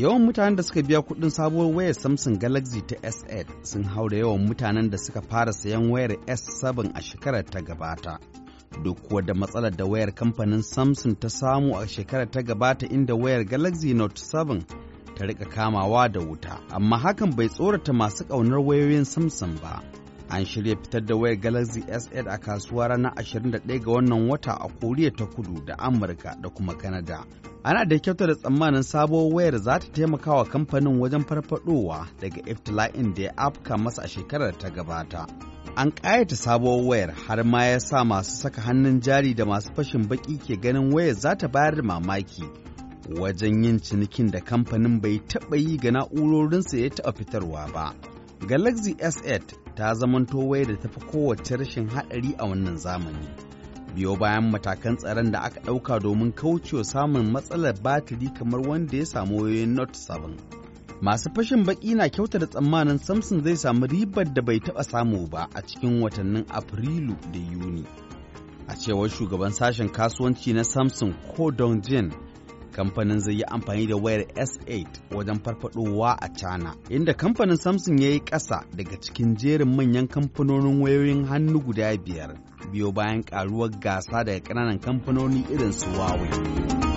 Yawan mutanen da suka biya kuɗin sabuwar wayar Samsung Galaxy ta S8 sun da yawan mutanen da suka fara sayan wayar S7 a shekarar ta gabata. Duk kuwa da matsalar da wayar kamfanin Samsung ta samu a shekarar ta gabata inda wayar Galaxy Note 7 ta rika kamawa da wuta, amma hakan bai tsorata masu ƙaunar wayoyin Samsung ba. an shirya fitar da wayar galaxy s8 a kasuwa ranar 21 ga wannan wata a koriya ta kudu da amurka da kuma Kanada. ana da kyautar da tsammanin sabuwar wayar za ta taimaka wa kamfanin wajen farfadowa daga iftila'in da ya afka masa a shekarar ta gabata an ƙayata sabuwar wayar har ma ya sa masu saka hannun jari da masu fashin baki ke ganin wayar za ta bayar da mamaki wajen yin cinikin da kamfanin bai taɓa yi ga na'urorinsa ya taɓa fitarwa ba galaxy s8 ta zamanto waya da tafi kowace rashin haɗari a wannan zamani. Biyo bayan matakan tsaron da aka ɗauka domin kaucewa samun matsalar batiri kamar wanda ya samu wayoyin not 7. Masu fashin baƙi na kyauta da tsammanin Samsung zai samu ribar da bai taɓa samu ba a cikin watannin Afrilu da Yuni. A cewar shugaban sashen kasuwanci na Samsung Ko Dong Jin, kamfanin zai yi amfani da wayar S8 wajen farfadowa a China, inda kamfanin Samsung ya yi ƙasa daga cikin jerin manyan kamfanonin wayoyin hannu guda biyar, biyo bayan ƙaruwar gasa daga ƙananan kamfanoni irin su Huawei.